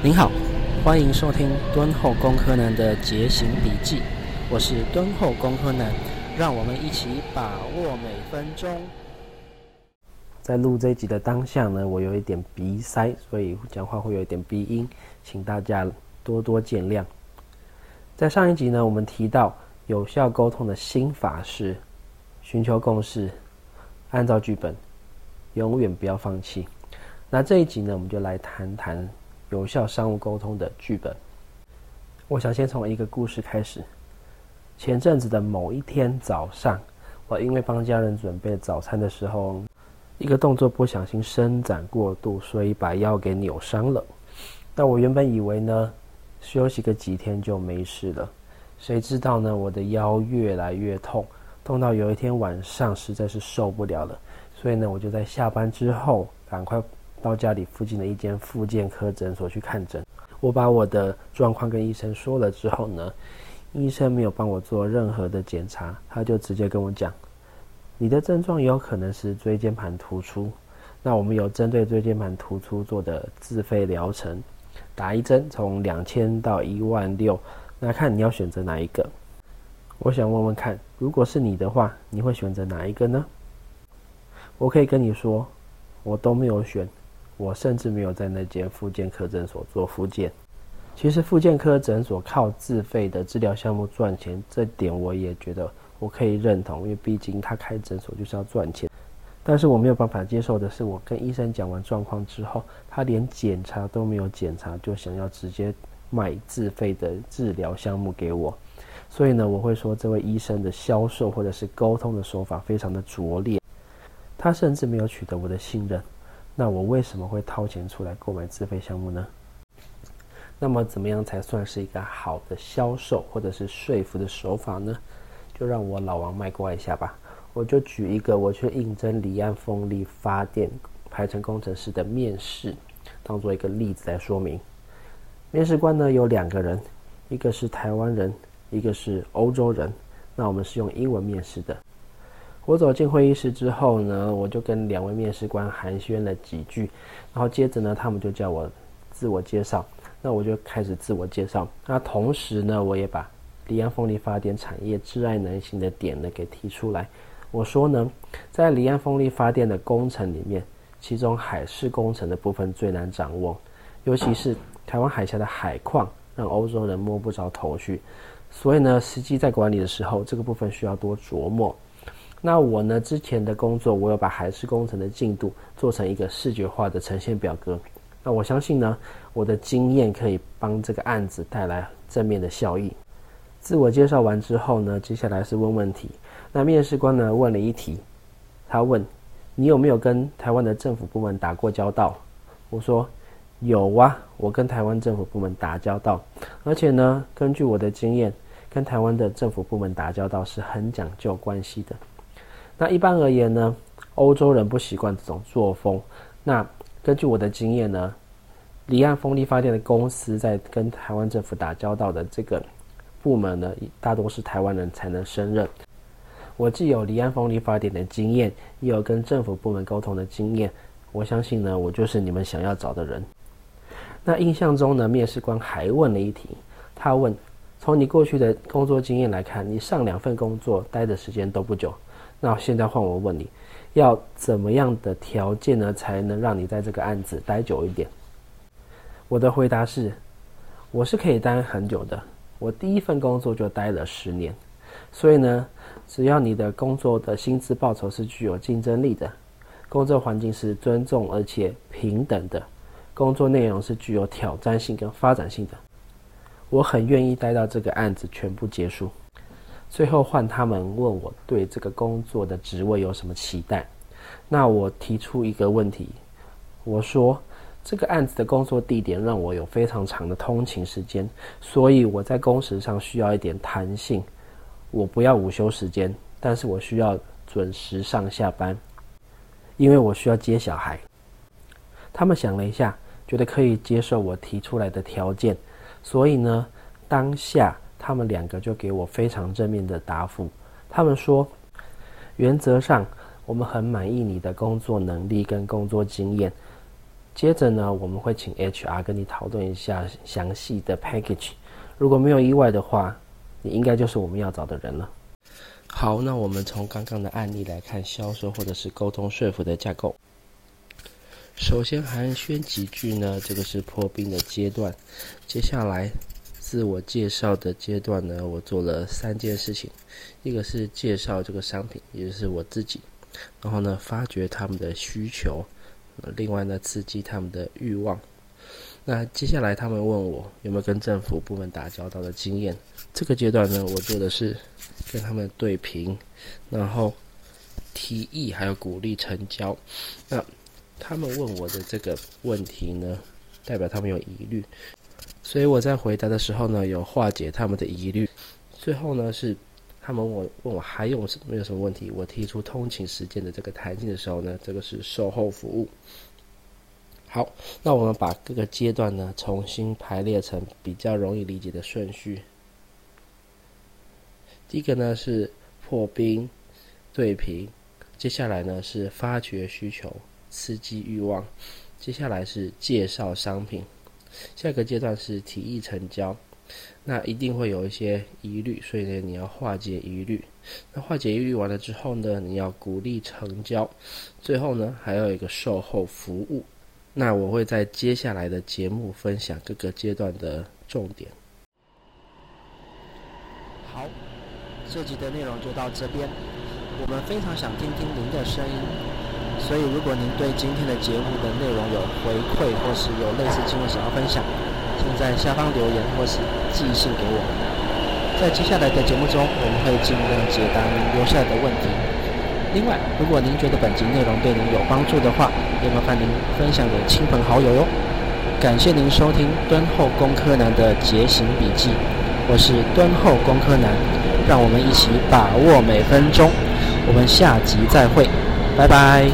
您好，歡迎收聽敦厚工科男的節行筆記，我是敦厚工科男，讓我們一起把握每分鐘。在錄這一集的當下呢，我有一點鼻塞，所以講話會有一點鼻音，請大家多多見諒。在上一集呢，我們提到有效溝通的心法是尋求共識、按照劇本、永遠不要放棄。那這一集呢，我們就來談談。有效商務溝通的劇本。我想先從一個故事開始。前陣子的某一天早上，我因為幫家人準備早餐的時候，一個動作不小心伸展過度，所以把腰給扭傷了。但我原本以為呢，休息個幾天就沒事了。誰知道呢，我的腰越來越痛，痛到有一天晚上實在是受不了了。所以呢，我就在下班之後趕快。到家裡附近的一間復健科診所去看診，我把我的狀況跟醫生說了之後呢，醫生沒有幫我做任何的檢查，他就直接跟我講，你的症狀有可能是椎間盤突出，那我們有針對椎間盤突出做的自費療程，打一針從兩千到一萬六，那看你要選擇哪一個？我想問問看，如果是你的話，你會選擇哪一個呢？我可以跟你說，我都沒有選。我甚至沒有在那間復健科診所做復健。其實復健科診所靠自費的治療項目賺錢，這點我也覺得我可以認同，因為畢竟他開診所就是要賺錢。但是我沒有辦法接受的是，我跟醫生講完狀況之後，他連檢查都沒有檢查，就想要直接賣自費的治療項目給我。所以呢，我會說這位醫生的銷售或者是溝通的手法非常的拙劣，他甚至沒有取得我的信任。那我為什麼會掏錢出來購買自費項目呢？那麼怎麼樣才算是一個好的銷售或者是說服的手法呢？就讓我老王賣瓜一下吧。我就舉一個我去應徵離岸風力發電排程工程師的面試，當做一個例子來說明。面試官呢，有兩個人，一個是台灣人，一個是歐洲人。那我們是用英文面試的。我走進會議室之後呢，我就跟兩位面試官寒暄了幾句，然後接着呢，他們就叫我自我介紹。那我就開始自我介紹。那同時呢，我也把離岸風力發電產業窒礙難行的點呢給提出來。我說呢，在離岸風力發電的工程裡面，其中海事工程的部分最難掌握，尤其是台灣海峽的海況讓歐洲人摸不着頭緒。所以呢，實際在管理的時候，這個部分需要多琢磨。那我呢，之前的工作，我有把海事工程的進度做成一個視覺化的呈現表格。那我相信呢，我的經驗可以幫這個案子帶來正面的效益。自我介紹完之後呢，接下來是問問題。那面試官呢，問了一題，他問，你有沒有跟台灣的政府部門打過交道？我說有啊，我跟台灣政府部門打交道，而且呢，根據我的經驗，跟台灣的政府部門打交道是很講究關係的。那一般而言呢，歐洲人不習慣這種作風。那根據我的經驗呢，離岸風力發電的公司在跟台灣政府打交道的這個部門呢，大多是台灣人才能勝任。我既有離岸風力發電的經驗，也有跟政府部門溝通的經驗。我相信呢，我就是你們想要找的人。那印象中呢，面試官還問了一題，他問：從你過去的工作經驗來看，你上兩份工作待的時間都不久。那現在換我問你，要怎麼樣的條件呢，才能讓你在這個案子待久一點？我的回答是，我是可以待很久的。我第一份工作就待了十年，所以呢，只要你的工作的薪資報酬是具有競爭力的，工作環境是尊重而且平等的，工作內容是具有挑戰性跟發展性的，我很願意待到這個案子全部結束。最後換他們問我對這個工作的職位有什麼期待。那我提出一個問題，我說這個案子的工作地點讓我有非常長的通勤時間，所以我在工時上需要一點彈性。我不要午休時間，但是我需要準時上下班，因為我需要接小孩。他們想了一下，覺得可以接受我提出來的條件，所以呢，當下。他們兩個就給我非常正面的答覆，他們說，原則上我們很滿意你的工作能力跟工作經驗。接着呢，我們會請 HR 跟你討論一下詳細的 package。如果沒有意外的話，你應該就是我們要找的人了。好，那我們從剛剛的案例來看，銷售或者是溝通說服的架構。首先寒暄幾句呢，這個是破冰的階段，接下來。自我介紹的階段呢，我做了三件事情，一個是介紹這個商品，也就是我自己，然後呢，發掘他們的需求，另外呢，刺激他們的慾望。那接下來他們問我有沒有跟政府部門打交道的經驗，這個階段呢，我做的是跟他們對評，然後提議還有鼓勵成交。那他們問我的這個問題呢，代表他們有疑慮。所以我在回答的時候呢，有化解他們的疑慮。最後呢，是他們問我，問我還有什，沒有什麼問題？我提出通勤時間的這個彈性的時候呢，這個是售後服務。好，那我們把各個階段呢重新排列成比較容易理解的順序。第一個呢是破冰，對平，接下來呢是發掘需求，刺激欲望，接下來是介紹商品。下個階段是提議成交，那一定會有一些疑慮，所以呢，你要化解疑慮。那化解疑慮完了之後呢，你要鼓勵成交。最後呢，還有一個售後服務。那我會在接下來的節目分享各個階段的重點。好，這集的內容就到這邊。我們非常想聽聽您的聲音。所以，如果您對今天的節目的內容有回饋，或是有類似經歷想要分享，請在下方留言或是寄信給我們。在接下來的節目中，我們會盡量解答您留下來的問題。另外，如果您覺得本集內容對您有幫助的話，也麻煩您分享給親朋好友喲。感謝您收聽敦厚工科男的節行筆記，我是敦厚工科男，讓我們一起把握每分鐘。我們下集再會，拜拜。